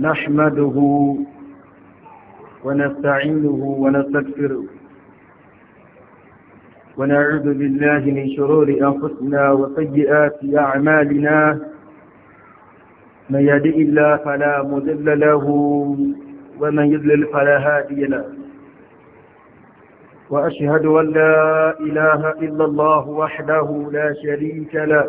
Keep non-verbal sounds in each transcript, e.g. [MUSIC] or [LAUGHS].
نحمده ونستعينه ونستغفره ونعوذ بالله من شرور أنفسنا وسيئات أعمالنا من يهدئ الله فلا مذل له ومن يذلل فلا هادي له وأشهد أن لا إله إلا الله وحده لا شريك له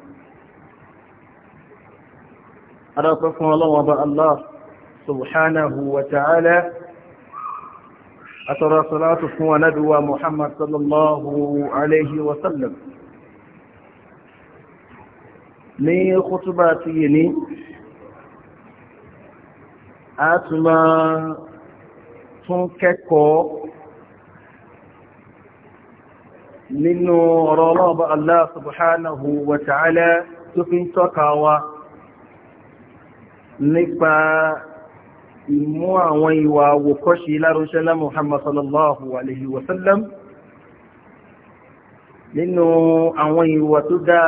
adáwọ̀pẹ́ fún ọlọ́wọ́n bá Allah subhanahu wa ta'ala atọ́rọ salatu fún anábíwa Muhammad sallallahu alaihi wasallam ní kútúbà ti yìí ní a tún máa tún kẹ́kọ̀ọ́ nínú ọ̀rọ̀ ọlọ́wọ́n bá Allah subhanahu wa ta'ala tó fi ń tọ́ka wa nípa ìmú àwọn ìwà àwòkọ́ṣe láránṣẹ́lá Muhammad sallallahu alaihi wasallam nínú àwọn ìwà tó dáa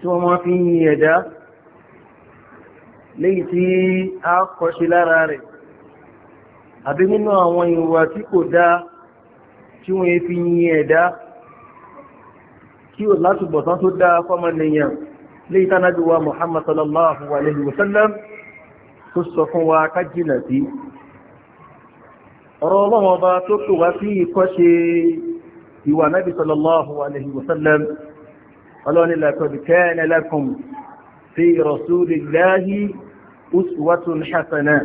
tí wọ́n máa fi ń yin ẹ̀dá léyìí tí a kọ́ṣe lára rẹ̀ àbí nínú àwọn ìwà tí kò dáa tí wọ́n fi yin ẹ̀dá kí ò látùbọ̀tán tó dáa fọ́mọ léyìí tánàbí wa Muhammad sallallahu alayhi wa sallam tó sọ fún wa ká jìnà sí ọ̀rọ̀ ọlọ́run ọba tó tó wá sí ìkọ́ṣe ìwà náàbí sallallahu alayhi wa sallam ọlọ́run laqad kana lakum fi rasulillahi uswatun hasana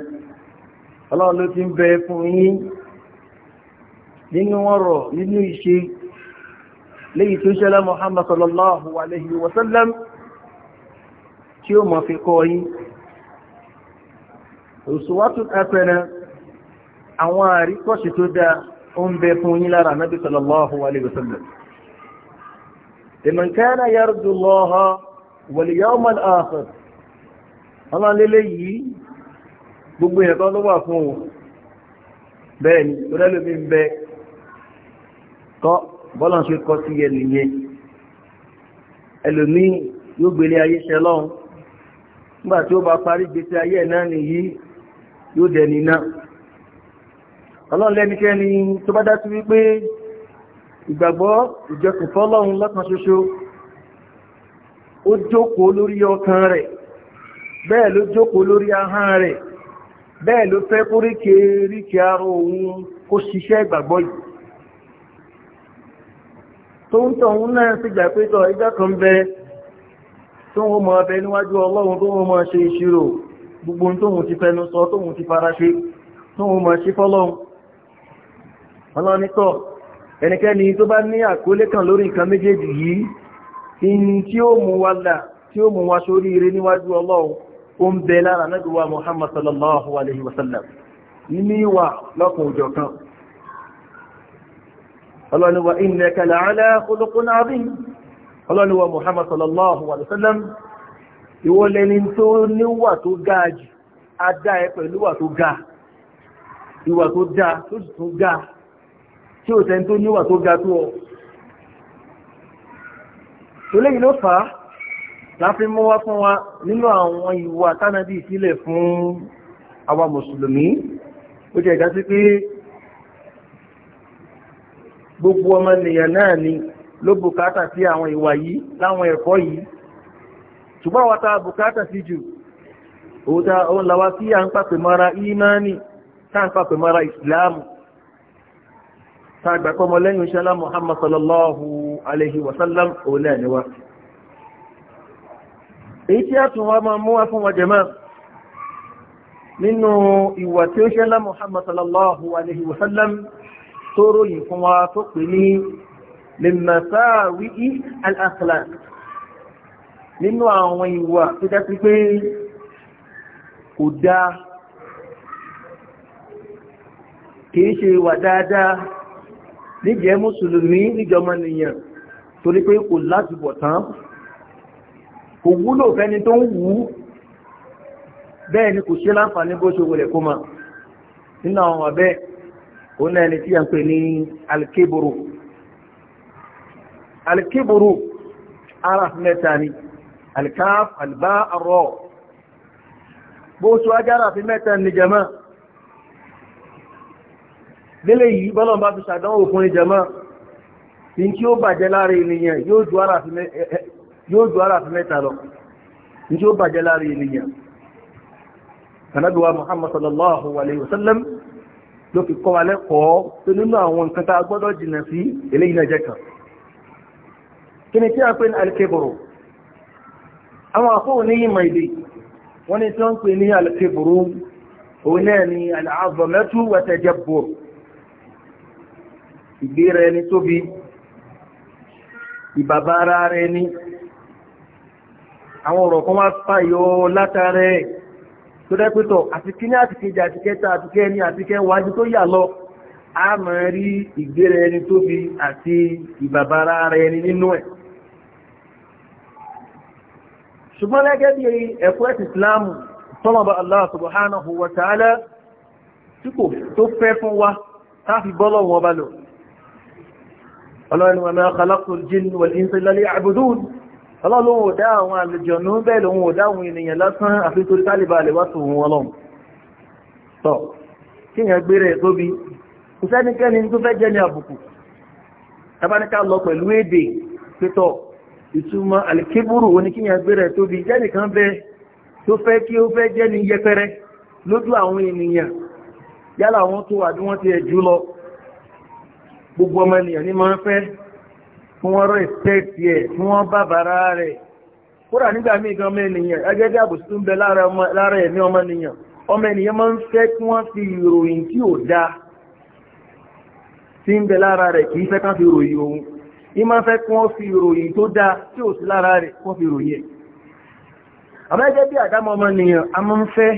tí ó mọ̀ fi kọ́ yí òṣùwátún ẹpẹrẹ àwọn àríkọ́ṣì tó dá ó ń bẹ fún yí lára náà bí sallallahu alaihi wasallam liman kana yarju Allaha wal yawmal akhir ọlọ́lẹ́lẹ́ ń bẹ kọ́ bọ́lọ̀ kọ́ sí ẹlòmíì yóò gbélé ayé ṣẹlọ́run nígbà tí ó bá parí gbèsè ayé ẹ̀ náà nìyí yóò dẹni náà ọlọ́run lẹ́nikẹ́ni tó bá dá sí wípé ìgbàgbọ́ ìjọsìn fọ́lọ́run lọ́kan ṣoṣo ó jókòó lórí ọkàn rẹ̀ bẹ́ẹ̀ ló jókòó lórí ahán rẹ̀ bẹ́ẹ̀ ló fẹ́ kó ríkẹ ríkẹ ara òun kó ṣiṣẹ́ ìgbàgbọ́ yìí tó ń tọ̀hún náà sí ìgbà pé tọ̀ ẹjọ́ kan bẹ́ẹ̀ tó wọ́n mọ̀ ọbẹ̀ níwájú ọlọ́run tó wọ́n mọ̀ ṣe ìṣirò gbogbo tóhun ti fẹnu sọ tóhun ti fara ṣe tóhun mọ̀ ṣe fọ́lọ́run ọlọ́nitọ́ ẹnikẹ́ni tó bá ní àkólé kan lórí nǹkan méjèèjì yìí in tí ó mú wa là tí ó mú wa sórí ire níwájú ọlọ́run ọlọ́niwọ̀ Muhammad sallallahu alaihi wasallam ìwọ lẹni tó níwà tó ga jù adá ẹ pẹ̀lú wà tó ga ìwà tó dá tó sì tún ga tí ò tẹ́ni tó níwà tó ga tó ọ tó lẹ́yìn ló fà á láfi mọ́ wá fún wa nínú àwọn ìwà tánàbí ìsílẹ̀ fún àwa mùsùlùmí ó jẹ́ ìdásí pé gbogbo ọmọ nìyàn náà ni ló bùkátà sí àwọn ìwà yìí láwọn ẹ̀kọ́ yìí ṣùgbọ́n wata bùkátà sí jù òta òun làwa sí à ń pàpè mara imani tá ń pàpè mara ìsìláàmù tá àgbàpọ̀ lẹ́yìn ìṣẹ́lá muhammad sallallahu alaihi wasallam òun náà ni wa èyí tí a tún wá máa mú wá fún wa jẹ́mọ́ nínú ìwà tí ó ṣẹlá muhammad sallallahu alaihi wasallam tó ròyìn fún wa tó pè ní lèmọ̀sáàwí al-akhlaq nínú àwọn ìwà tó dákí pé kò dáa kìí ṣe ìwà dáadáa níjẹ́ mùsùlùmí níjọmọ nìyàn torí pé kò láti bọ̀ tán kò wúlò fẹ́ni tó ń wú bẹ́ẹ̀ ni kò ṣe láǹfààní bó ṣe wọlẹ̀ kó ma nínú àwọn àbẹ́ òun náà ni tí a ń pè ní alkeboro alkiburu araf mẹ́ta ni alkaf alba arọ bó tó agára fi mẹ́ta ni jama lélẹ̀ yìí bọ́lọ̀ bá fi ṣàdánwò fún ìjama tí tí ó bàjẹ́ lára ènìyàn yóò ju araf mẹ́ta lọ tí tí ó bàjẹ́ lára ènìyàn kanaduwa muhammad sallallahu alaihi wasallam ló fi kọ́ alẹ́kọ̀ọ́ tó nínú àwọn nǹkan tá a jìnà sí eléyìí náà kan kí ni tí a pè ní alkeburu àwọn àkóhùn ní ìmọ̀ èdè wọ́n ni tí wọ́n pè ní alkeburu òun náà ni al'azọ̀mẹ́tù wàtẹ̀jẹ̀bùrù ìgbéra ẹni tóbi ìbàbára rẹ̀ ní àwọn ọ̀rọ̀ kan wá fàyọ látàrẹ tó dẹ́pẹ́tọ̀ àti kíní àti kejì àti kẹta àti kẹni àti kẹwàájú tó yà lọ a mọ̀ rí ìgbéra ẹni tóbi àti ìbàbára rẹ̀ nínú ẹ̀ ṣùgbọ́n lẹ́gẹ́ bí ẹ̀kọ́ ẹ̀sì islamu tọ́lọ̀bà Allah subhanahu wa ta'ala tí kò tó fẹ́ fún wa káàfi bọ́lọ̀ wọn bá lọ ọlọ́rin wọn mẹ́ra khalaqul jinna wal insa illa liya'budun ọlọ́run ò dá àwọn àlùjọ̀nú bẹ́ẹ̀ lòun ò dá àwọn ènìyàn lásán àfi torí tálíbà lè wá tòun èdè pétọ́ ìtumọ̀ alìkébùrù oníkíyàn gbẹ̀rẹ̀ tóbi jẹ́nìkan bẹ tó fẹ́ kí ó fẹ́ jẹ́ ní yẹpẹrẹ lójú àwọn ènìyàn yálà wọn tó àbí wọ́n ti ẹ̀ jù lọ gbogbo ọmọ ènìyàn ní máa ń fẹ́ fún wọn rẹ̀spẹ̀tì ẹ̀ fún wọn bàbàrà rẹ̀ kúrà nígbà míì gan ọmọ ènìyàn ẹgẹ́ bí àbùsí ń bẹ lára ẹ̀mí ọmọ ènìyàn ọmọ kí wọ́n fi ìròyìn tí ò dáa tí ń bẹ lára rẹ̀ kì fẹ́ kán fi ròyìn òun ìmá fẹ́ kí wọ́n fi ìròyìn tó dáa tí ò sí lára rẹ̀ wọ́n fi ìròyìn ẹ̀ àbẹ́gẹ́ bí àdámọ́ ọmọnìyàn a máa ń fẹ́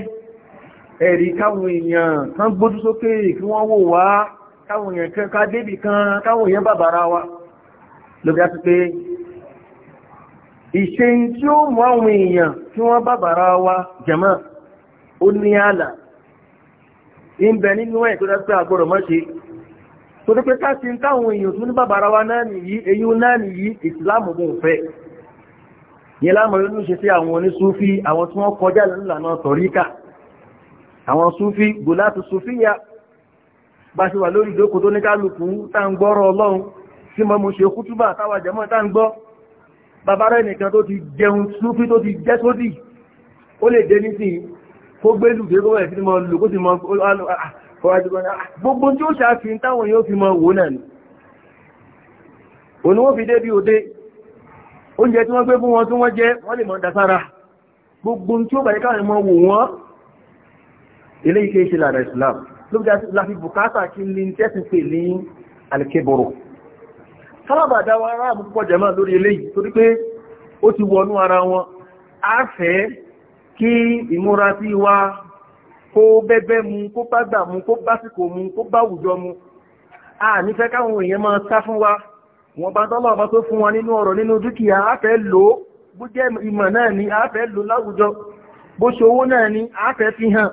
ẹ̀rí káwọn èèyàn kan gbójú sókè kí wọ́n wò wá káwọn èèyàn kan ká débì torí pé ká ṣe ń káwọn èèyàn tó ní bàbára wa náà nìyí èyí náà nìyí ìsìláàmù bò ń fẹ́ yẹn láàmù rẹ̀ ló ṣe sí àwọn onísúfí àwọn tí wọ́n kọjá lọ́nà tọ̀ríkà àwọn súfí gòláàtù súfíyà bá ṣe wà lórí ìdókò tó ní kálukú tá ń gbọ́rọ̀ ọlọ́run tí mo mú ṣe kútúbà táwà jẹ́mọ́ tá ń gbọ́ bàbá rẹ̀ tó ti jẹun súfí tó ti jẹ́ sódì ó lè jẹ́ nísìnyí kó gbélù dé kó wẹ̀ sí mo lò kó sì mọ gbogbo tí ó ṣàfihàn táwọn yóò fi mọ wò náà ni òun wọ́n fi dé bí òde oúnjẹ tí wọ́n gbé fún wọn tí wọ́n jẹ wọ́n lè mọ̀ dására gbogbo tí ó bàjẹ́ káwọn mọ̀ wò wọ́n ilé Islam ló bí láti bùkátà kí ní tẹ́sí pè ní alikéboro sábàbà dáwọn ará àbúkọ jẹmọ́ lórí eléyìí torí pé ó ti wọnú wa kó bẹ́bẹ́ mu kó bá gbà mu kó básìkò mu kó bá àwùjọ mu a nífẹ́ káwọn èèyàn máa sá fún wa wọn bá tọ́lọ̀ ọba tó fún wa nínú ọ̀rọ̀ nínú dúkìá a fẹ́ lò ó bó jẹ́ ìmọ̀ náà ni a fẹ́ lò láwùjọ bó ṣe owó náà ni a fẹ́ fi hàn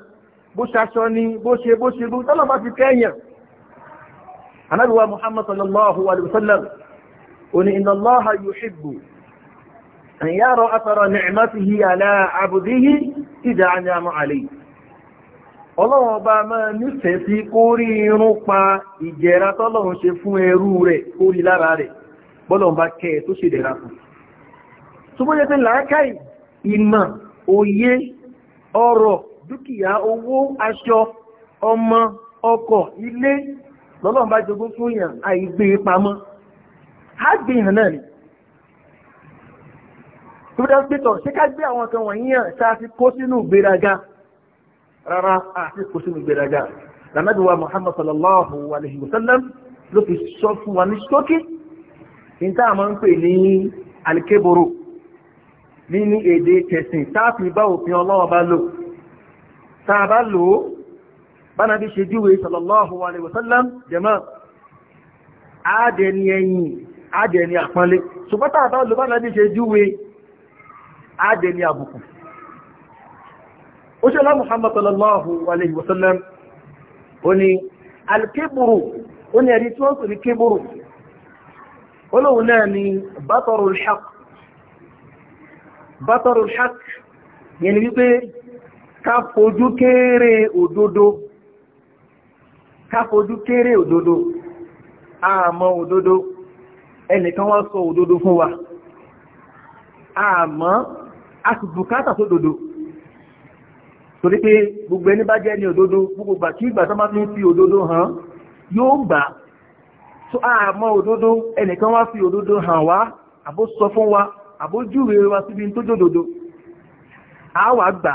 bó ṣaṣọ ni bó ṣe bó ṣe tọ́lọ̀ bá ti kẹ́yàn anábìwá muhammad sallallahu alayhi wa sallam oni inna allaha yuhibbu an yara athara ni'matihi ala abdihi idha anama alayhi ọlọ́run ọba máa nífẹ̀ẹ́ sí kó rí irun pa ìjẹ̀ra tọ́lọ́run ṣe fún ẹrú rẹ̀ kó rí lára rẹ̀ bọ́lọ̀n bá kẹ́ ẹ̀ tó ṣe dẹ̀ra fún tó bó jẹ́ pé làákàì ìmọ̀ òye ọrọ̀ dúkìá owó aṣọ ọmọ ọkọ̀ ilé lọ́lọ́n bá jogún fún yàn àìgbé e pamọ́ tó bá pẹ́tọ̀ ṣé gbé àwọn kan wọ̀nyí hàn fi kó sínú ìgbéraga rárá àti kò sínú ìgbéraga lànàbí wa muhammad sallallahu alayhi wa sallam ló fi sọ fún wa ní ṣókí níta àmọ́ ń pè ní alikéboro nínú èdè tẹ̀sìn táàfi bá òfin ọlọ́wọ́ bá lò táà bá lò ó bánàbí ṣe júwe sallallahu alayhi wa sallam jẹ́mọ́ àádẹ́ni ẹ̀yìn àádẹ́ni àpọ́nlé ṣùgbọ́n táà bá lò bánàbí ṣe júwe àádẹ́ni àbùkù ó ṣe lá Muhammad sallallahu alayhi wa sallam ó ní alkébùrù ó ní ẹni tí wọ́n pè ní kébùrù ó lóun náà ni batarul haqq batarul haqq yẹn ni wípé ká fojú kéré òdodo ká fojú kéré òdodo àmọ́ òdodo ẹnìkan wá sọ òdodo fún wa àmọ́ a sì bùkátà tó dodo torí pé gbogbo ẹni bá jẹ́ ní òdodo gbogbo gbà kí ìgbà tó máa fi fi òdodo hàn yóò gbà tó àmọ́ òdodo ẹnìkan wá fi òdodo hàn wá àbó sọ fún wa àbó júwe wa síbi tó jòdodo àwà gbà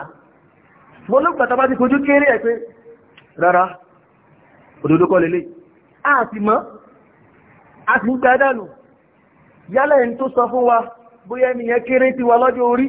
wọ́n ló gbàtà bá ti fojú kéré ẹ̀ pé rárá òdodo kọ́ lélẹ̀ a sì mọ́ a sì ń gbádànù yálẹ̀ ẹni tó sọ fún wa bóyá ẹni yẹn kéré ti wa lọ́jọ́ orí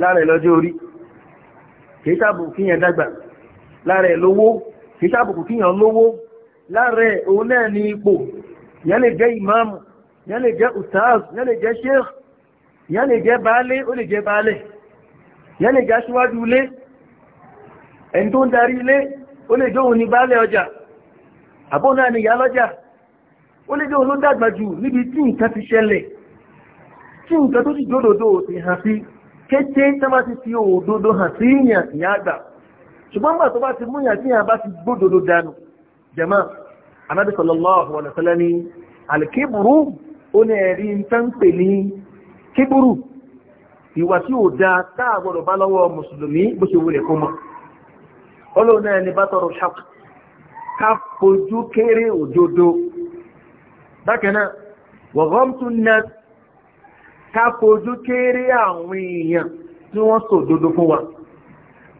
lára ẹ̀ lọ́jọ́ orí kìí sábùkù kíyàn dàgbà lára ẹ̀ lówó kìí sábùkù kíyàn lówó lára ẹ̀ òun náà ní ipò yẹn lè jẹ́ ìmáàmù yẹn lè jẹ́ ustaz yẹn lè jẹ́ sheikh yẹn lè jẹ́ baálé ó lè jẹ́ baálé yẹn lè jẹ́ aṣíwájú ilé ẹni tó ń darí ilé ó lè jẹ́ òun ní baálé ọjà àbóhùn náà ni ìyá lọ́jà ó lè jẹ́ òun ló dàgbà jù níbi tí nǹkan ti ṣẹlẹ̀ tí nǹkan tó sì jódòdó ti hàn sí kété tó bá ti fi òdodo hàn sí ìyàn ìyá àgbà ṣùgbọ́n bá tó bá ti mú ìyàn tí ìyàn bá ti gbódodo dànù jẹ̀mọ́ anábì sallallahu alaihi wasallam ní alìkébùrú ó ní ẹ̀rí tán pè ní kébùrú ìwà tí ò da táà gbọdọ̀ bá lọ́wọ́ mùsùlùmí bó ṣe wulẹ̀ ká fojú kéré àwọn èèyàn tí wọ́n sọ òdodo fún wa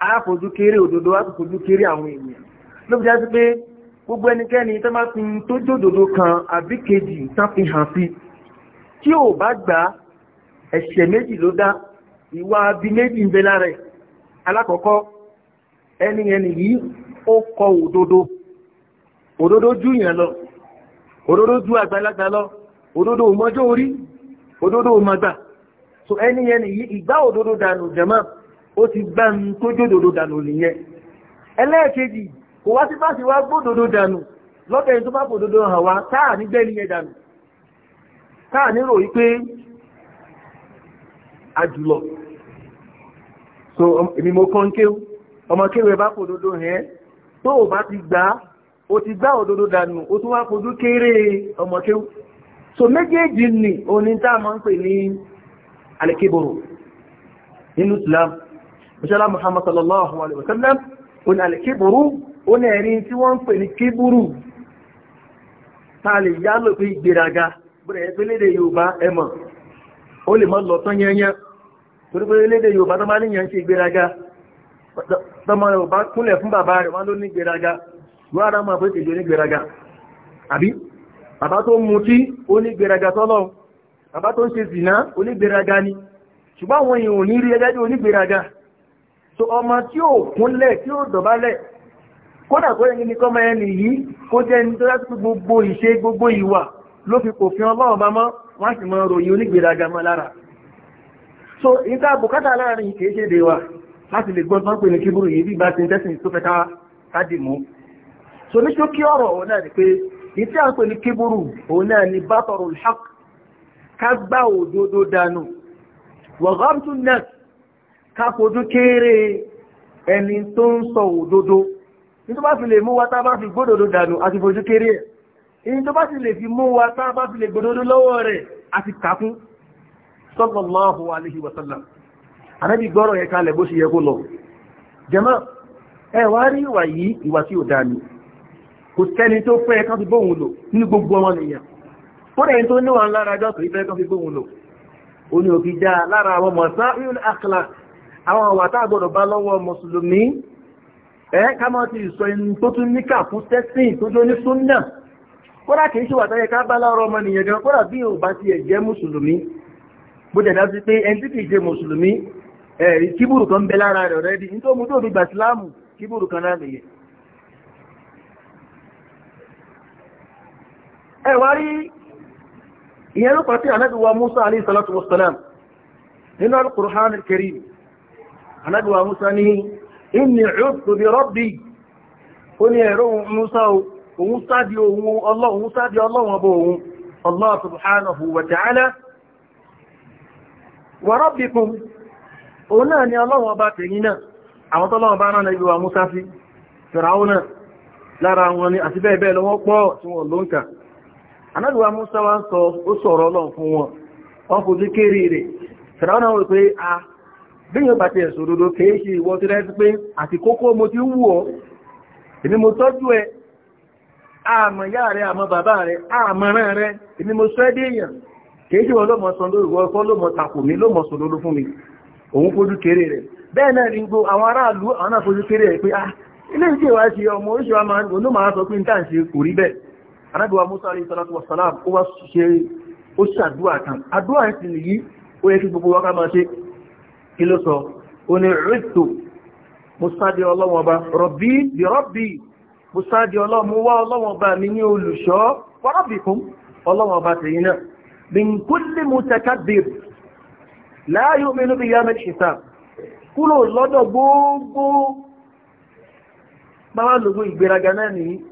a fojú kéré òdodo a sì fojú kéré àwọn èèyàn ló fi jásí pé gbogbo ẹnikẹ́ni tó bá fi tó jódodo kan àbí kejì tán fi hàn sí tí ò bá gbà ẹ̀ṣẹ̀ méjì ló dá ìwà abi méjì ń bẹ lára ẹ̀ alákọ̀ọ́kọ́ ẹni ẹni yìí ó kọ òdodo òdodo ju ìyàn lọ òdodo ju àgbàlagbà lọ òdodo ò orí ododo ma so ẹni yẹn igba ìgbà danu dànù o ó ti gbà ń tójú òdodo dànù nìyẹn ẹlẹ́ẹ̀kejì kò wá sí wá gbódodo dànù lọ́kẹ́ tó bá gbódodo hàn wá táà nígbẹ́ nìyẹn dànù táà nírò pé àjùlọ so èmi mo kọ́ ń kéwù ọmọ kéwù ẹ bá gbódodo hàn tó o bá ti gbà o ti gbà òdodo dànù o tún wá fojú so méjèèjì ni oní tá a máa ń pè ní alikéboro nínú islam mọ́ṣálá muhammad sallallahu alaihi wasallam oní alikéboro ó ní ẹ̀rí tí wọ́n ń pè ní kéburu tá a lè yálò pé ìgbéraga bẹ̀rẹ̀ ẹgbẹ́ léde yorùbá ẹmọ̀ ó lè mọ́ lọ tán yẹnyẹn torí pé léde yorùbá tó bá níyàn ṣe ìgbéraga tọmọ yorùbá kúnlẹ̀ fún bàbá rẹ̀ wọ́n ló ní ìgbéraga wọ́n ara máa pé tèjọ ní ìgbéraga àbí bàbá tó ń mutí onígbèraga tọ́lọ̀ bàbá tó ń ṣe zìnà onígbèraga ni ṣùgbọ́n àwọn èèyàn ò ní rí ẹgbẹ́ onígbèraga so ọmọ tí ó kúnlẹ̀ tí ó dọ̀bálẹ̀ kódà kó yẹ ní kọ́mọ ẹni yìí kó jẹ́ ẹni tó láti gbogbo ìṣe gbogbo ìwà ló fi kò fi ọlọ́run bá mọ́ wọ́n sì mọ ròyìn onígbèraga mọ́ lára so ìta bùkátà láàrin kìí ṣe dèwà láti lè gbọ́n tán pè ní kíburu yìí bí bá ti ń tẹ́sìn tó fẹ́ ká dì mú so ní ṣókí ọ̀rọ̀ ọ̀nà ni pé ní tí a ń pè ní kíburu òun náà ni bátọrù haq ká gbá òdodo dànù wàhálùtù náà ká fojú kéré ẹni tó ń sọ òdodo ní tó bá fi lè mú wa tá a bá fi gbódodo dànù àti fojú kéré ẹ̀ ní tó bá fi lè fi mú wa tá fi lè gbódodo lọ́wọ́ rẹ̀ àti kàkún sallallahu alaihi wasallam anabi gbọ́rọ̀ yẹ kalẹ̀ bó ṣe yẹ kó lọ jẹ́mọ́ ẹ wá rí ìwà yìí ìwà tí ò dáa ni kò sẹ́ni tó fẹ́ kán fi bóhun lò ní gbogbo ọmọ nìyàn ó rẹ̀ tó níwà lára jọ́ kìí fẹ́ kán fi bóhun lò ó ní òfin já lára àwọn mọ̀sá ìrìn àkàlà àwọn àwọn àtà àgbọ̀dọ̀ bá lọ́wọ́ mùsùlùmí ẹ ká mọ́ ti sọ inú tó tún níkà fún tẹ́sìn tó jó ní súnnà kódà kìí ṣe wàtáyẹ ká bá lára ọmọ nìyàn gan kíbùrù kan bẹ lára rẹ̀ rẹ̀ di nítorí mo tó fi gbà kíbùrù kan náà ẹ̀wà rí ìyẹn ló pàtí ànábíwa Musa alayhi salatu wassalam nínú al-Qur'an al-Karim ànábíwa Musa ní inni udtu bi rabbi ó ní ẹ̀rọ Musa òun sáàdì ohun ọlọ́run sáàdì ọlọ́run ọbọ̀ ohun Allah subhanahu wa ta'ala wa rabbikum òun náà ni ọlọ́run ọba tẹ̀yìn anáàlùwà musa wá ń sọ ó sọ̀rọ̀ ọlọ́run fún wọn wọ́n fojú kéré rẹ̀ fẹ̀rẹ̀ náà wọ́n pé a bíyàn bàtí ẹ̀sùn òdodo kìí ṣe ìwọ́n ti rẹ́ pé àti kókó mo ti wù ọ́ èmi mo tọ́jú ẹ àmọ̀ àmọ̀ bàbá èmi mo sọ tàkù mi sọ fún mi òun fojú kéré bẹ́ẹ̀ náà ni gbogbo àwọn aráàlú àwọn náà fojú kéré ah, ọmọ oríṣiríṣi wa arábíwá musa alayhi salatu wasalam ó wá ṣe ó ṣàdúrà kan àdúrà ẹ̀sìn nìyí ó yẹ kí gbogbo wa ká máa ṣe kí ló sọ ó ní rìtò musadi ọlọ́wọ́n ọba rọ̀bí bí rọ́bí musadi ọlọ́wọ́n wá ọlọ́wọ́n ọba mi ní olùṣọ́ wárọ́bì fún ọlọ́wọ́n ọba tẹ̀yìn náà min kulli mutakabbir la yu'minu kúrò lọ́dọ̀ gbogbo báwa lògbò ìgbéraga náà nìyí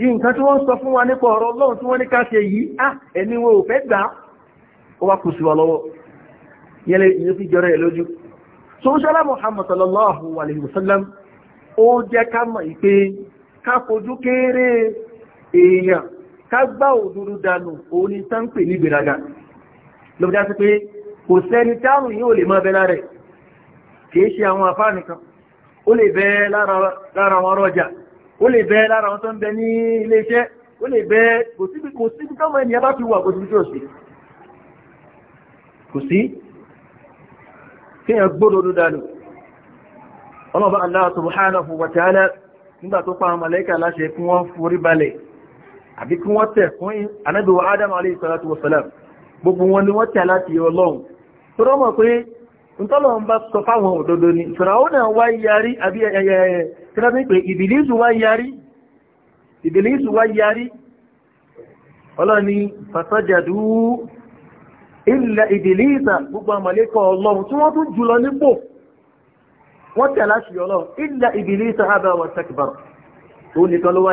nǹkan tí wọ́n sọ fún wa nípa ọ̀rọ̀ ọlọ́run tí wọ́n ní ká ṣe yìí á ah, ẹni wọn ò fẹ́ gbà ó wá kù sí wa lọ́wọ́ yẹlẹ ìyẹn fi jọrọ ẹ lójú sọ́ṣọ́lá Muhammad sallallahu alayhi wa sallam ó jẹ́ ká mọ̀ ìpé ká fojú kéré èèyàn ká gbá òdúdú ó lè bẹ lára wọn tó ń bẹ ní ilé iṣẹ́ ó lè bẹ kò síbi kò síbi tọ́mọ ènìyàn bá fi wà kò síbi tí sí kò sí Allah subhanahu wa ta'ala nígbà tó pa màláíkà láṣẹ kí wọ́n forí balẹ̀ àbí kí wọ́n fún anábìwọ̀ Adam alayhi salatu wa salam gbogbo wọn ni wọ́n tẹ̀ láti ọlọ́run ntọ́lọ̀ ń bá sọ fáwọn òdodo ni fìràúnà wá yarí àbí ẹyẹyẹ tíráfí pé ìbìlísù wá yarí ìbìlísù wá yarí ọlọ́ni fàtọ́jàdú ilẹ̀ ìbìlísà gbogbo àmàlékọ̀ ọlọ́run tí wọ́n tún jùlọ nípò wọ́n tẹ̀ láṣì ọlọ́run ilẹ̀ ìbìlísà àbá wa takbar tó nìkan ló wá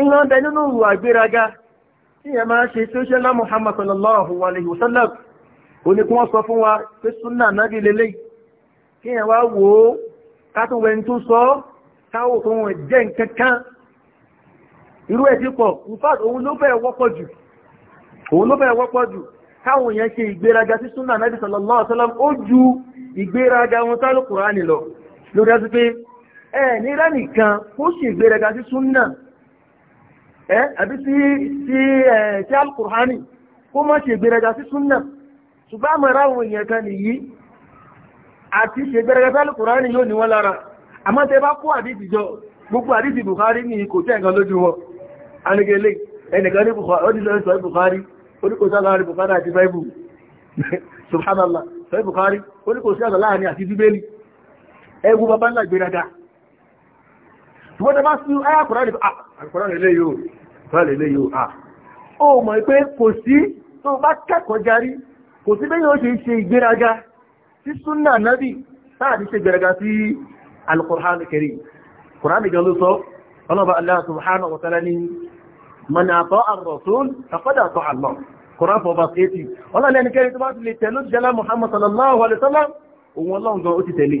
ìwọ̀n bẹ nínú ìwà ìgbéraga tí ẹ máa ṣe tí ó ṣe lámù Muhammad sallallahu alaihi wasallam ó ní kí wọ́n sọ fún wa pé súnà náàbí lélẹ̀ kí ẹ wá wò ó kátùwẹ̀ tó sọ káwò tó wọn jẹ́ nǹkan kan irú ẹ̀ ti pọ̀ in fact òun ló fẹ́ wọ́pọ̀ jù káwọn èèyàn ṣe ìgbéraga sí súnà náàbí sallallahu alaihi ó ju ìgbéraga wọn sálù Kùránì lórí ẹ pé ẹ nírẹ́ nìkan ó sì ìgbéraga sí súnà ẹ́ àbí sí sí ẹ̀ sí alukurhani kó má ṣe gbéraga sí súnà ṣùgbọ́n àmọ́ ara àwọn èèyàn kan nìyí àti ṣe gbéraga sí alukurhani yóò ní wọ́n lára Bukhari ní kò lójú wọn anigele ẹnìkan ní ọdún lọ́wọ́ àti láàrin àti bíbélì [LAUGHS] ẹgbù àkọ́rọ̀ ilé yóò rọ̀lẹ̀ ilé yóò à ó mọ̀ pé kò sí tó bá kẹ́kọ̀ọ́ jarí kò sí bẹ́yìn ó ṣe ṣe ìgbéraga sí súnà nábì sáàdì ṣe ìgbéraga sí al-Qur'an al-Karim Qur'an gan ló sọ ọlọ́ba Allah subhanahu wa ta'ala ni man ata'a ar-rasul faqad ata'a Allah Qur'an for verse 80 ọlọ́ni ẹnikẹ́ni tó bá ti lè tẹ̀lé jẹ́lá Muhammad sallallahu alaihi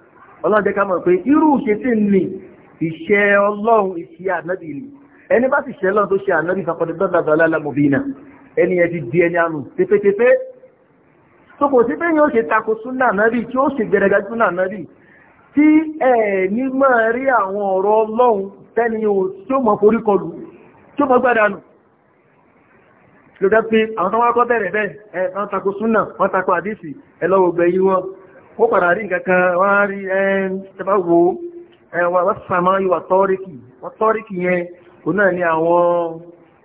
ọlọ́run jẹ́ ká mọ̀ pé irú ṣe tí ní ìṣẹ́ ọlọ́run ìṣẹ́ ànábì ni ẹni bá sì ṣẹ́ ọlọ́run tó ṣe ànábì fàkọ̀dé dọ́dàdọ́lá lámòbínà ẹni ẹ ti di ẹni àánú tẹfẹtẹfẹ tó kò sí pé yóò ṣe tako súnà ànábì tí ó ṣe gbẹdẹgà súnà ànábì tí ẹ ní máa rí àwọn ọ̀rọ̀ bẹ̀rẹ̀ bẹ́ẹ̀ ẹ̀ wọ́n tako súnà wọ́n tako àdìsí ẹ lọ́wọ́ wọn ó padà rí nǹkankan wọ́n á rí ẹ̀ẹ́dẹ́gbà wo wọ́n sàmọ́ ìwà tọ́ríkì wọ́n tọ́ríkì yẹn kò náà ní àwọn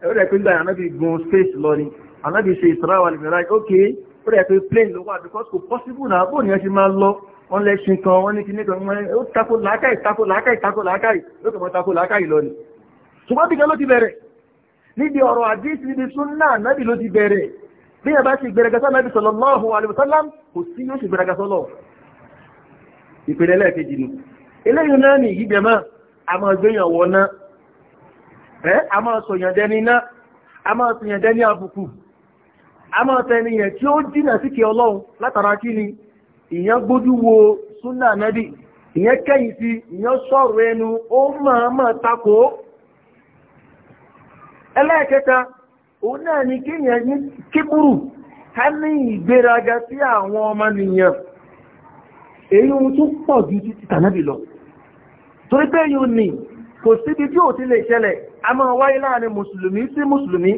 ẹ̀rọ ẹ̀pẹ́ gbà ànábì gun space lọ ni ànábì ṣe ìsọ̀rọ̀ àwọn ìbẹ̀rẹ̀ plane ló because kò possible náà bóun yẹn ṣe máa lọ wọ́n lẹ́ ṣe kan wọ́n ní kí nítorí wọ́n ó tako làákàì tako làákàì tako làákàì ó kẹ̀ mọ́ tako ni ṣùgbọ́n bí kan ló ti bẹ̀rẹ̀ níbi ọ̀rọ̀ àdéhìí níbi ló ti bẹ̀rẹ̀ bí bá ṣe ìgbéraga sí Ànábì sallallahu alaihi wasallam kò sí yóò ṣe ìgbéraga sọ́lọ̀ ìpele ẹlẹ́ẹ̀kejì ni eléyìí náà ní ìyíbẹ̀ máa a máa gbéyàn wọ náà ẹ́ a máa sọ̀yàn dẹni náà a máa sọ̀yàn tí ó ọlọ́run látara kí ni gbójú wo súnà kẹ́yìn sí sọ̀rọ̀ ẹnu òun náà ni kéèyàn ní kíkúrù ká ní ìgbéraga sí àwọn ọmọnìyàn èyí ohun tó pọ̀ ju títí tànábì lọ torí pé yóò ní kò síbi tí ò ti lè ṣẹlẹ̀ a máa wáyé láàrin mùsùlùmí sí mùsùlùmí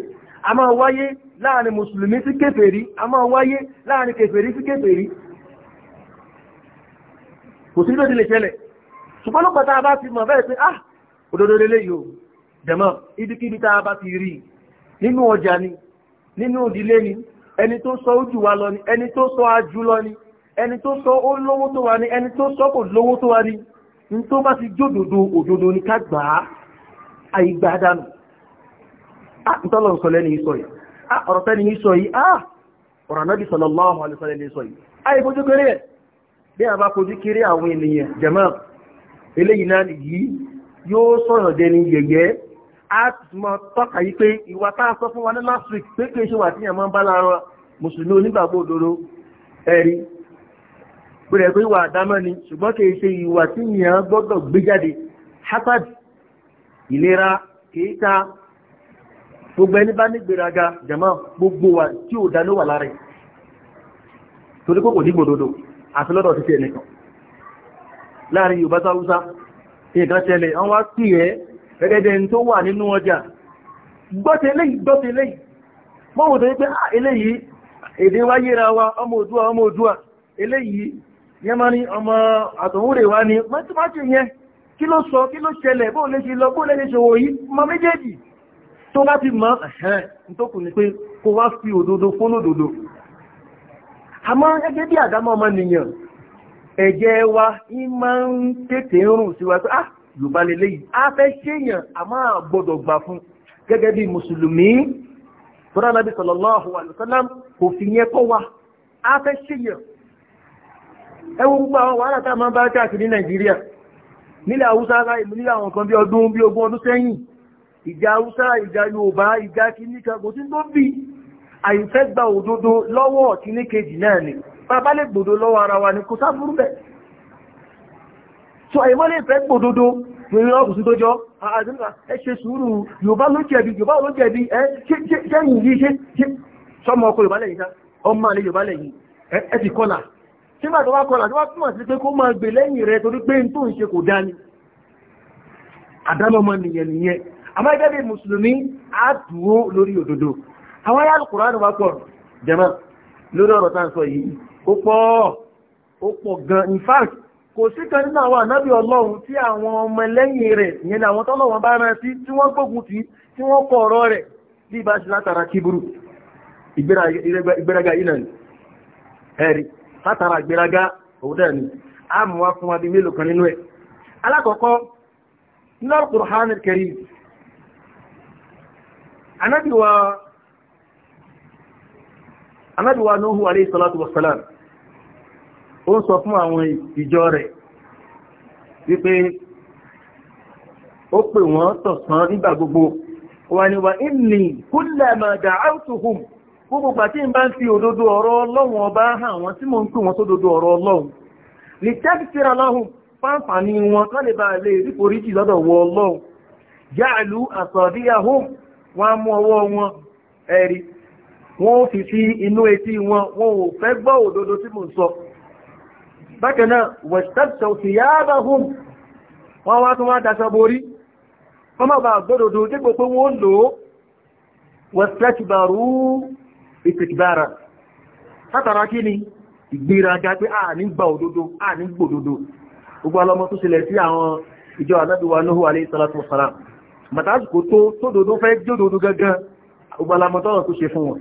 a máa wáyé láàrin mùsùlùmí sí kèfèrí a máa wáyé láàrin kèfèrí sí kèfèrí kò síbi tí ò ti lè ṣẹlẹ̀ ṣùgbọ́n lọ́pàá tá a bá ti mọ̀ bẹ́ẹ̀ pé ah òdodo lélẹ́yìí o jẹ̀mọ́ ibikíbi tá a bá ti rí nínú ọjà ni nínú ìdílé ni ẹni tó sọ ó wa lọ ni ẹni tó sọ ajú lọ ni ẹni tó sọ ó lówó tó ni ẹni tó sọ kò lówó tó wa ni ní tó bá ti jódòdó ni ká àìgbà dànù àtúntọ́lọ̀ ń sọ yìí ọ̀rọ̀ yìí ah ọ̀rọ̀ náà bí sallallahu alaihi a àwọn a mọ tọ́ka yí pé ìwà tá a sọ fún wa ní last week pé kí n ṣe wà tí yàmọ́ ń bá lára mùsùlùmí onígbàgbọ́ òdodo ẹ̀rí bẹ̀rẹ̀ pé ìwà àdámọ́ ni ṣùgbọ́n kì í ṣe ìwà tí yàn gbọ́dọ̀ gbé jáde harvard ìlera kìí ta gbogbo ẹni bá ní gbéraga jàmọ́ gbogbo wa tí ò dáná wà lára torí kò kò ní gbòdodo àti lọ́dọ̀ títí ẹnìkan láàrin Yorùbá sáwúsá ìgbà tẹ́lẹ̀ wọ́n wá sí ẹ́ gẹ́gẹ́gẹ́ tó wà nínú ọjà gbọ́tẹ̀lẹ́ gbọ́tẹ̀lẹ́ mọ́wọ̀n tó ah, eléyìí èdè wa yíra wa ọmọ òdúwà ọmọ òdúwà eléyìí yẹ́ ní ọmọ àtọ̀húnrẹ̀ wá ní yẹn kí sọ kí ló bá fi fún bí àdámọ́ ọmọ nìyàn wa máa ń tètè pé ah, yorùbá lélẹ́ yìí a fẹ́ ṣéyàn a máa gbọ́dọ̀ gbà fún gẹ́gẹ́ bí mùsùlùmí tọ́lá nàbí sallallahu kò fi yẹn kọ́ wa a fẹ́ ṣéyàn ẹ wo gbogbo àwọn wàhálà tá a máa bá káàkiri nàìjíríà nílẹ̀ haúsá ìlú nílẹ̀ àwọn kan bí ọdún bí ogún ọdún sẹ́yìn ìjà haúsá ìjà yorùbá ìjà kìnnìkan kò tí tó bí àìfẹ́ gba òdodo lọ́wọ́ kìnnìkejì náà ni bàbá lè gbòdo lọ́wọ́ ara wa ni kò sáfúrú bẹ́ẹ̀ so àìmọ́ lè fẹ́ gbòdodo pẹ̀lú ọkùn tó jọ ẹ ṣe sùúrù yorùbá ló jẹ̀bi yorùbá ló jẹ̀bi ẹ eh, ṣẹ́yìn yìí ṣe sọmọ ọkọ̀ yorùbá ma ọmọ alẹ́ yorùbá lẹ́yìn eh, ẹ ti kọ́là sígbà tó wá kọ́là tó wá túmọ̀ sí pé kó máa gbè lẹ́yìn rẹ torí pé tó ń ṣe kò dá ni nìyẹn nìyẹn àmọ́ ẹgbẹ́ mùsùlùmí á lórí òdodo àwọn ayé wá pọ̀ jẹ́mọ́ lórí ọ̀rọ̀ tá à ń sọ yìí ó pọ̀ ó pọ̀ gan in kò sí kan nínú àwọn ànábì ọlọ́run tí àwọn ọmọ lẹ́yìn rẹ̀ ìyẹn àwọn tọ́lọ́wọ́n bá rán sí tí wọ́n gbógun tí tí wọ́n kọ ọ̀rọ̀ rẹ̀ bí bá ṣe látara kíburú ìgbéraga ìlànà ẹ̀rí látara ìgbéraga òwúdà ni a fún wa mélòó kan nínú ẹ̀ alákọ̀ọ́kọ́ ó sọ fún àwọn ìjọ rẹ̀ wípé ó pè wọ́n tọ̀sán nígbà gbogbo wà ní wà ní kullama da'awtuhum gbogbo pàtí ń bá ń fi òdodo ọ̀rọ̀ ọlọ́run ọba hàn wọ́n tí mo ń pè wọ́n tó dodo ọ̀rọ̀ ọlọ́run lè tẹ́kìtìrà lọ́hùn fáǹfààní wọn tó bá lè rí foríjì lọ́dọ̀ wọn wọn sọ bákan náà wẹ̀sẹ̀tọ̀ sí yáàbá hùn wọ́n wá tún wá daṣọ borí wọ́n má bàa gbódòdó dípò pé wọ́n lò ó wẹ̀sẹ̀tìbàrú ìpìtìbára látara kí ni ìgbéraga pé a ní gba òdodo a gbogbo alọ́mọ tó ṣẹlẹ̀ sí àwọn ìjọ anábíwa nóhù alayhi salatu wassalam màtàkù tó tódodo fẹ́ jódodo gangan gbogbo alamọ́tọ́rọ̀ tó ṣe fún wọn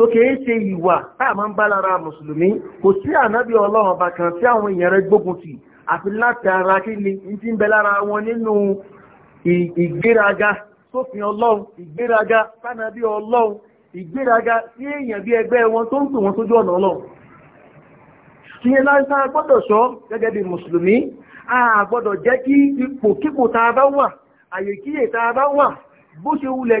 tó kìí ṣe ìwà táà máa ń bá lára mùsùlùmí kò sí ànábì ọlọ́run ọba kan tí àwọn èèyàn rẹ̀ gbógun tì àfi láti ara kí ni ti ń bẹ lára wọn nínú ìgbéraga sófin ọlọ́run ìgbéraga sánàbí ọlọ́run ìgbéraga sí bí ẹgbẹ́ wọn tó ń bó ṣe wulẹ̀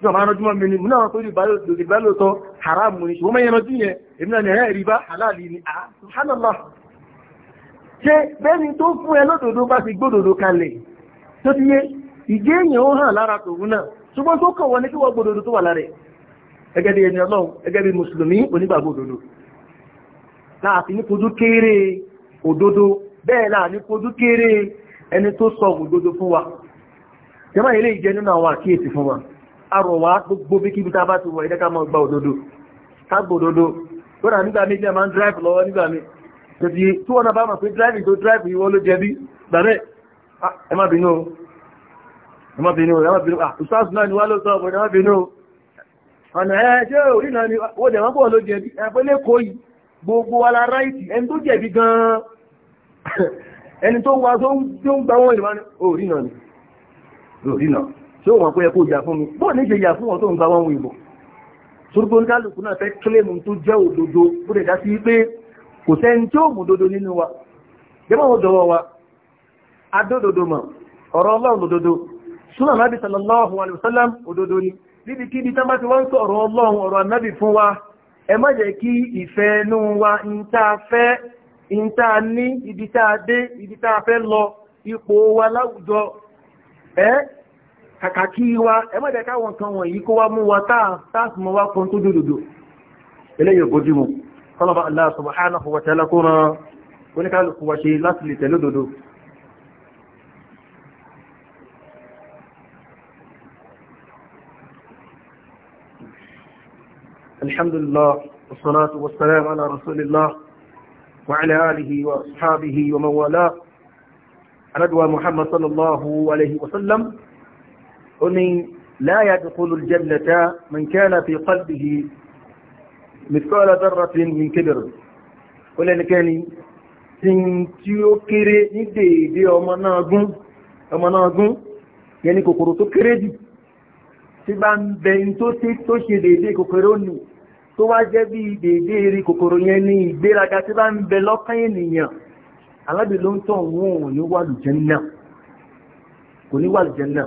tí ọmọ anájúmọ́ mi ni múnáwà pé ìrìbá lóòtọ́ haramu ni ṣùgbọ́n mẹ́yẹn ọdún yẹn èmi náà ni ẹ̀rẹ́ ìrìbá halali ni a ah, subhanallah ṣe bẹ́ni tó fún ẹ lódòdó bá ti gbódòdó kalẹ̀ tó ti yé ìgé èèyàn ó hàn lára tòun náà ṣùgbọ́n tó kàn wọ́n ní kí wọ́n gbódòdó tó wà lára ẹ̀ gẹ́gẹ́ bí ẹni ọlọ́run gẹ́gẹ́ bí mùsùlùmí onígbàgbódòdó láàfin ní fojú arọ̀wá gbogbo bí kíbi tábá ti wọ̀ ìdẹ́ká mọ́ gba òdodo tágbò òdodo kódà nígbà mi jẹ́ máa ń drive lọ́wọ́ nígbà mi tẹ̀sí tí wọ́n bá mọ̀ pé drive tó drive ìwọ ló jẹbi gbàmẹ́ ẹ má bínú ẹ má bínú ẹ má bínú ìsáàsù náà ni wá ló sọ ọ̀pọ̀ ẹ má bínú ọ̀nà ẹ ṣé orí náà ni ó dẹ̀ wọ́n pọ̀ ló jẹbi ẹ pé lẹ́kọ̀ọ́ [LAUGHS] tí ó wọ́n pé ẹkú ìjà fún mi bóò ní ṣe yà fún wọn tó wọn ìbò ṣùgbọ́n kálùkù náà fẹ́ tó jẹ́ bó lè dá sí pé kò tí ó mú nínú wa wọn wa mọ̀ ọ̀rọ̀ ọlọ́run nábì ni níbi kí bá ti sọ ọ̀rọ̀ ọlọ́run ọ̀rọ̀ wa ẹ má jẹ́ kí ìfẹ́ wa ń tá a fẹ́ ń tá a a dé ibi tá a wa láwùjọ kàkà kí wá ẹmọ́dẹ̀ káwọn kan wọ̀nyí kó wá mú wa táàsì mọ́ wá kan tó dòdòdò eléyìí ògbójú mu kọ́lọ̀bà Allah subhanahu wa ta'ala kó ran oníkálùkù wa ṣe láti lè tẹ̀lé òdodo alhamdulillah wassalatu wassalamu ala rasulillah wa ó ní la yadkhulul jannata man kana fi qalbihi mithqala dharratin min kibr ó lẹ́nikẹ́ni tí tí ó kéré ní dèédé ọmọ náà gún ọmọ náà gún yẹn ni kòkòrò tó kéré jù tí bá ń bẹ tó tí tó ṣe dèédé kòkòrò nù tó wá jẹ́ bí dèédé rí kòkòrò yẹn ní ìgbéraga tí bá ń bẹ lọ́kàn ènìyàn alábìlóńtọ̀ wọn ò ní wà lùjẹ́ náà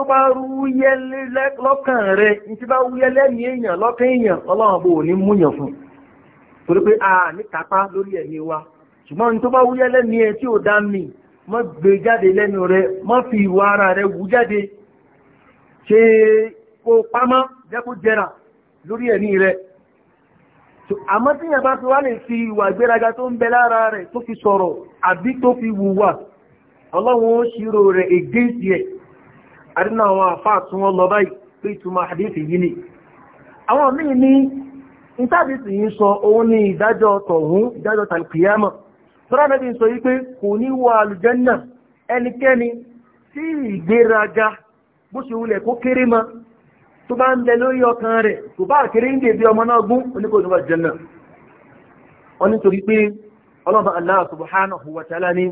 tó bá rúyẹ́ lọ́kàn rẹ̀ tí bá rúyẹ́ lẹ́mí èyàn lọ́kàn èèyàn ọlọ́run bò fún torí pé a ní lórí ẹ̀mí wa ṣùgbọ́n tó bá rúyẹ́ lẹ́mí ẹ tí ó dá mi mọ́ gbé jáde lẹ́nu rẹ̀ mọ́ fi ìwà ara rẹ̀ wú jáde ṣe kó pamọ́ lórí ẹ̀mí rẹ̀ àmọ́ tí yẹn fi wá lè fi ìwà ìgbéraga tó àdínà àwọn àfáà tí wọ́n lọ báyìí pé ìtumọ̀ àdífì yìí ni àwọn míì ní ìtàdísì yìí sọ òun ní ìdájọ́ tọ̀hún ìdájọ́ tàlùkìyàmọ̀ tọ́lánàbí sọ yìí pé kò ní wọ àlùjẹ́nà ẹnikẹ́ni tí ìgbéraga bó ṣe wulẹ̀ kó kéré ma tó bá ń lẹ lórí ọkàn rẹ̀ kò bá kéré ń dèbí ọmọ náà gún oníkò ní wàjẹ́nà wọ́n nítorí pé ọlọ́ba Allah subhanahu wa ta'ala ni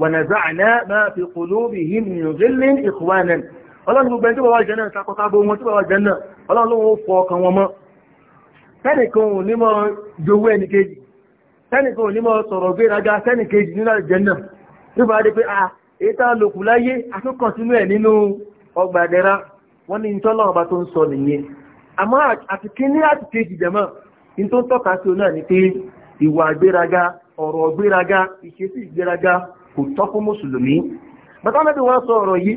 wa naza'na ma fi qulubihim min ghillin ikhwanan ọlọ́run gbogbo ẹni tó bá wà jẹ́ náà takọtabo wọn tó bá wà jẹ́ náà ọlọ́run ló ń fọ ọkàn wọn mọ́ tẹ́nìkan ò ní mọ́ jowó ẹnì kejì tẹ́nìkan ò ní mọ́ sọ̀rọ̀ gbéraga tẹ́nì kejì nínú àjẹ́ náà tó bá dé pé a èyí tá a lòkù láyé akẹ́kọ̀ọ́ sínú ẹ̀ nínú ọgbà ìdẹ̀ra wọ́n ní ìtọ́lọ́ ọba tó ń sọ nìyẹn àmọ́ àti kíní àti kejì jẹ̀mọ́ in tó tọ́ka sí náà ni pé ìwà gbéraga ọ̀rọ̀ gbéraga ìṣesí gbéraga kò tọ́ fún mùsùlùmí bàtà wọ́n sọ ọ̀rọ̀ yìí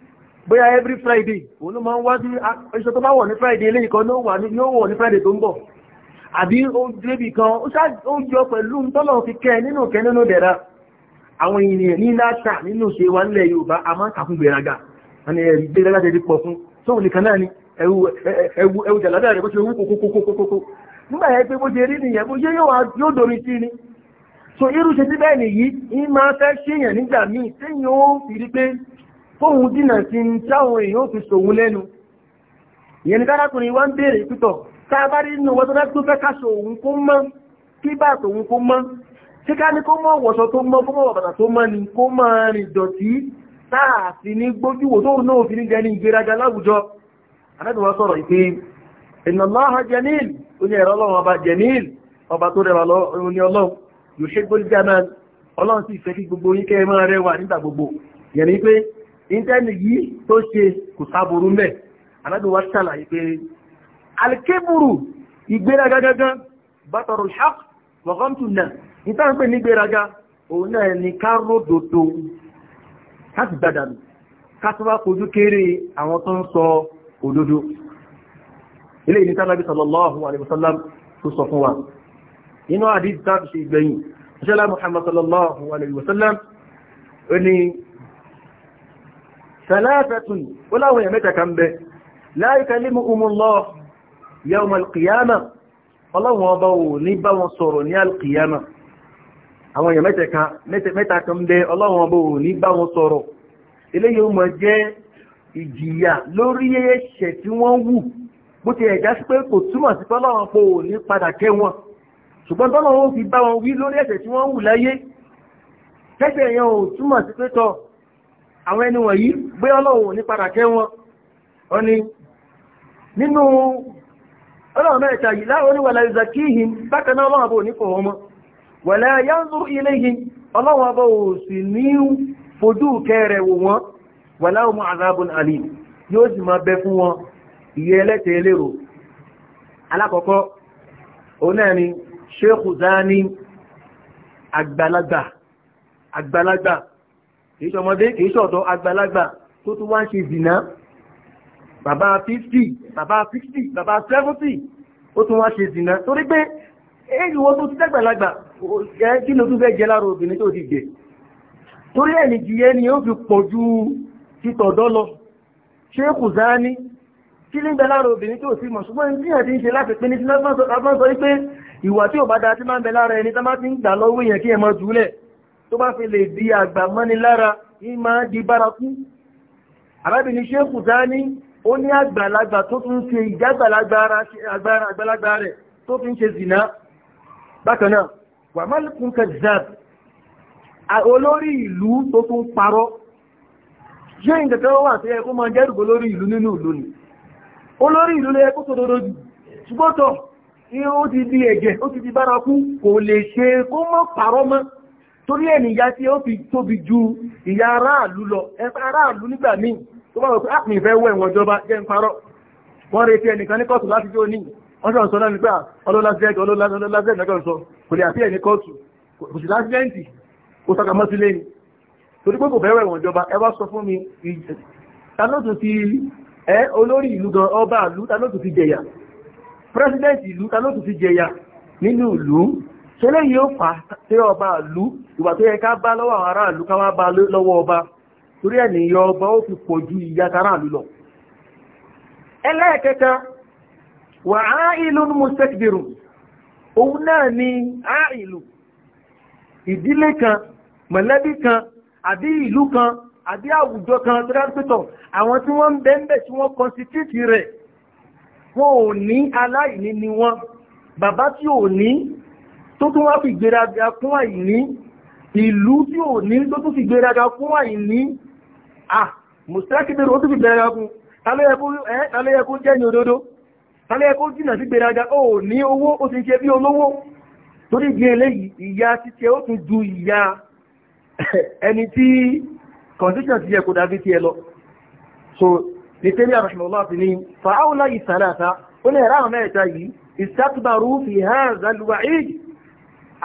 bóyá every friday òun ló máa ń wá sí iṣẹ́ tó bá wọ̀ ní friday eléyìí kan yóò wọ̀ ní friday tó ń bọ̀ àbí ó débi kan ó jọ pẹ̀lú tọ́lọ̀ fi kẹ́ nínú kẹ́ nínú dẹ̀ra àwọn ènìyàn ní láta nínú ṣe wà nílẹ̀ yorùbá a máa ń kàkún gbèraga àni ẹ̀rí gbèraga ti di pọ̀ fún tó wù nìkan náà ni ẹ̀wù jàlábẹ́ rẹ̀ bó ṣe wú kókókókókókó nígbà yẹn pé bó ṣe rí nìyẹn bó ṣe yóò dorí sí ni so irú ṣe síbẹ̀ nìyí ń máa fẹ́ ṣèyàn nígbà míì téèyàn ó fi rí pé fóhun dínà ti ń táwọn èèyàn fi sòun lẹ́nu ìyẹn ni kárákùnrin wá ń béèrè pítọ̀ káàbárí nínú wọ́n tó dá tó fẹ́ káṣọ òun kó mọ́ kí bá tòun kó mọ́ tí ká ní kó mọ́ wọ̀ṣọ tó mọ́ kó mọ́ bàtà tó mọ́ ni kó mọ́ rìn dọ̀tí táàfin ní gbójúwò tó náà fi ní jẹ ní ìgbéraga láwùjọ anẹ́dùn wọ́n sọ̀rọ̀ pé ìtẹ́ni yìí tó ṣe kò sáburú mẹ́ anábí wá ṣàlàyé pé alkeburu ìgbéraga gangan bátọrọ ṣák wọ̀gọ́mtù náà ìtàn pé nígbéraga òun náà ni ká ródòdó láti gbádànù ká tó bá kojú kéré àwọn tó ń sọ òdodo ilé ìní wasallam tó sọ fún wa inú àdíjì muhammad sallallahu alaihi wasallam ó ثلاثة ولا يمتكم به لا يكلمهم الله يوم القيامة الله وضو نبا وصور يا القيامة àwọn èèyàn mẹ́ta kan bẹ ọlọ́run ọbọ̀ ò ní bá wọn sọ̀rọ̀ eléyìí ó mọ̀ jẹ́ ìjìyà lórí ẹ̀ṣẹ̀ tí wọ́n wù bó ti ẹ̀já sí pé kò túmọ̀ sí tọ́lọ́run pò ò ní padà kẹ́ wọn ṣùgbọ́n tọ́lọ́run fi bá wọn wí lórí ẹ̀ṣẹ̀ tí wọ́n wù láyé kẹ́ṣẹ̀ yẹn ò túmọ̀ sí pé tọ́ àwọn ẹni wọ̀nyí gbé ọlọ́run ní padà kẹ́ wọn wọ́n ni nínú ọlọ́run mẹ́ta yìí láwọn ní wàlá ìzàkíhìn bákanáà ọlọ́run àbò ní kọ̀wọ́ mọ́ wàlá yánzú iléhìn ọlọ́run àbò sì ní fojú kẹrẹ àgbàlagbà àgbàlagbà kìí ṣọmọdé kìí ṣọ̀dọ̀ àgbàlagbà tó tún wá ń ṣe zìnà bàbá 50 bàbá 60 bàbá 70 ó tún wá ṣe zìnà torí pé èyí wọ́n tó ti dẹ́gbàlagbà kí ló tún fẹ́ jẹ lára obìnrin tó ti jẹ torí ẹni jìyẹ ni ó fi pọ̀ ju títọ̀dọ́ lọ ṣé kù sáá ní kí ní bẹ lára obìnrin tí ò sí mọ̀ ṣùgbọ́n ní tíyàn ti ń ṣe láti pín ní sí lọ́gbọ́n sọ wípé ìwà tí ò bá da tí máa ń bẹ lára ẹni tá máa ti ń gbà lọ́wọ́ èèyàn kí ẹ mọ jùlẹ̀ tó bá fi lè di àgbà mọ́ni lára yìí máa di bárakú arábìnrin ṣéèkù dání ó ní àgbàlagbà tó tún ṣe ìjágbàlagbà àgbàlagbà rẹ̀ tó fi ń ṣe zìnà bákan náà wà má lùkún kẹzàb olórí ìlú tó tún parọ́ ṣé ìgbẹ̀kẹ́ wà sí ẹkún máa jẹ́rùgbọ́ lórí ìlú nínú ìlú ni olórí ìlú lẹ́yẹ kó tòdodo jù ṣùgbọ́tọ̀ ó torí ẹni ìyá tí ó fi tóbi ju ìyá aráàlú lọ ẹ̀fẹ́ aráàlú nígbà míì tó bá ah, wọ́n ápùn ìfẹ́ wọ ẹ̀wọ̀n ìjọba jẹ́ ń parọ́ wọ́n retí ẹnìkan ní kóòtù láti jó ní wọ́n sọ̀rọ̀ sọ náà nígbà ah, ọlọ́lásẹ́ẹ̀dì ọlọ́lásẹ́ẹ̀dì sọ kò lè àfi ẹni kóòtù kò sì lásìdẹ́ǹtì kò sọ̀kà mọ́ sílé ni torí pé kò fẹ́ wẹ̀wọ̀n ìjọba ẹ wá sọ fún mi tanótù ti ẹ olórí ìlú gan ọba ìlú tanótù jẹyà nínú ìlú ṣẹlẹ̀ yóò fà tí ọba ìlú ìwà tó yẹ ká bá lọ́wọ́ àwọn ará ìlú káwà bá lọ́wọ́ ọba torí ẹ̀nìyàn ọba ó fi pọ̀ ju ìyá tara ìlú lọ ẹlẹ́ẹ̀kẹta wà á ìlú mustakbirun òun náà ni á ìlú ìdílé kan mọ̀lẹ́bí kan àbí ìlú kan àbí àwùjọ kan tó dápítọ̀ àwọn tí wọ́n ń bẹ́ẹ̀bẹ̀ tí wọ́n constitute rẹ̀ wọn ò ní aláìní ni wọ́n bàbá tí ò ní tó tún wá fi gbéraga fún àìní ìlú tí ò ní tó tún fi gbéraga fún àìní à mùsùlákìbẹ̀rẹ̀ ó tún fi gbéraga fún jẹ́ ní òdodo jìnà sí gbéraga ó ní owó ó ti ṣe bí olówó gbé ìyá títẹ ó tún ju ìyá [LAUGHS] ẹni tí ti yẹ kó dàbí lọ so ní tẹ́lẹ̀ àrùsùnmọ́lá hàn zàlùwà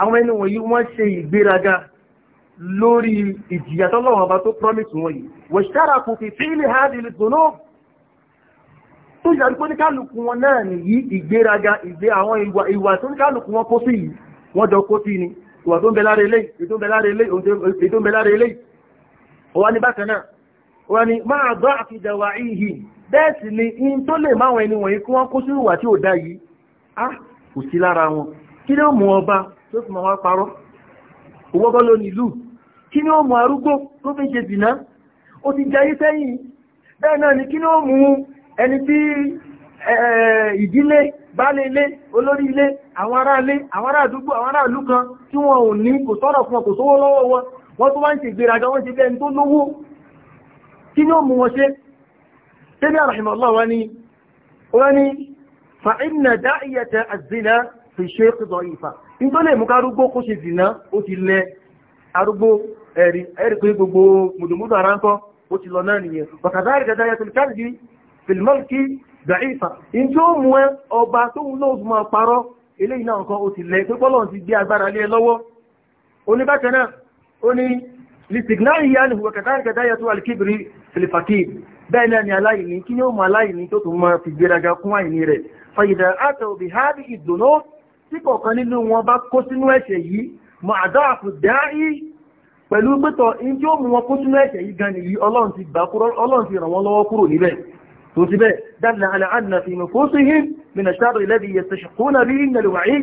àwọn ẹni wọ̀nyí wọ́n ṣe ìgbéraga lórí ìjìyàtọ́lọ́wọ̀n ọba tó promise wọn yìí wọ́n ṣára kò fi fílì hádìí lè dùnú tó yàrí pé oníkálùkù wọn náà nìyí ìgbéraga ìgbé àwọn ìwà tó oníkálùkù wọn kó sí yìí wọ́n jọ kó sí ni ìwà tó ń bẹ lára ilé ètò ń bẹ lára ni in tó lè máwọn ẹni wọ̀nyí kí wọ́n kó sí ìwà tí ò dá yìí á kò sí lára wọn kí ló mú tó fi mọ̀ wá parọ́ owó bọ́ lónìí ìlú kí ni ó mú arúgbó tó fi ṣe dìná ó ti jayé sẹ́yìn bẹ́ẹ̀ náà ni kí ni ó mú ẹni tí ìdílé baálé ilé olórí ilé àwọn ará ilé àwọn ará àdúgbò àwọn ará ìlú kan tí wọn ò ní kò sọ̀rọ̀ fún wọn fa inna da'iyata az-zina fi shaykh da'ifa nítorí lè mú kárúgbó kó ṣe dìná ó ti lẹ arúgbó ẹ̀rí ẹ̀rí pé gbogbo mùdùmùdù ara ń kọ́ ó ti lọ náà nìyẹn bàkàtà àrí dada yàtọ̀ káàdì fìlmọ́ọ̀kì dàífà in tí ó mú ẹ ọba tó ń lóòsù máa parọ́ eléyìí náà nǹkan ó ti lẹ pé bọ́lọ̀ ti gbé agbára lé ẹ lọ́wọ́ oníbàkan náà ó ní listignayi yá ni bàkàtà àrí dada yàtọ̀ alikibiri filifaki bẹ́ẹ̀ náà ni aláìní kí ni ó mú aláìní tó tún máa fi gbéraga fún àìní tí kọ̀ọ̀kan nínú wọn bá kó sínú ẹ̀ṣẹ̀ yìí mọ̀ àdáàfù dáì pẹ̀lú pẹ́tọ̀ in tí ó mú wọn kó sínú ẹ̀ṣẹ̀ yìí gan nìyí ọlọ́run ti ràn wọ́n lọ́wọ́ kúrò níbẹ̀ tó ti bẹ́ dáàlà aláàdínà fi mẹ́kó sí hìn mìnà ṣáàrù ilẹ́bí yẹ tẹ̀ṣẹ̀kúnà rí nàlùwàí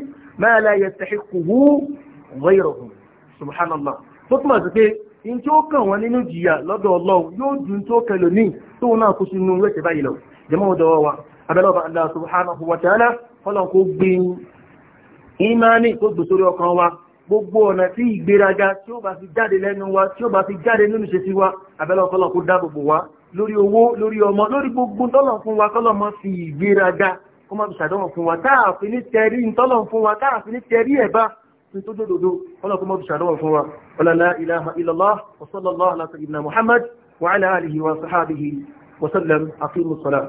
máa la yẹ tẹ̀ṣẹ̀kùhú rẹ̀rọ̀hùn subhanallah tó túnmọ̀ sí pé in tí ó kàn wọn nínú jìyà wa abẹ́lọ́ba allah subhanahu wa ta'ala fọlọ́n gbin ìmáni tó gbòsórí ọkàn wa gbogbo ọ̀nà tí ìgbéraga tí ó bá fi jáde lẹ́nu wa tí ó bá fi jáde nínú ṣe sí wa abẹ́lẹ́ ọ̀kọ́lọ̀ kó dáàbòbò wa lórí owó lórí ọmọ lórí gbogbo tọ́lọ̀ fún wa kọ́lọ̀ mọ́ fi ìgbéraga kó má fi ṣàdánwò fún wa táàfin ní tẹ̀rí tọ́lọ̀ fún wa táàfin ní tẹ̀rí ẹ̀bá tó dòdòdó kọ́lọ̀ kó má fi ṣàdánwò fún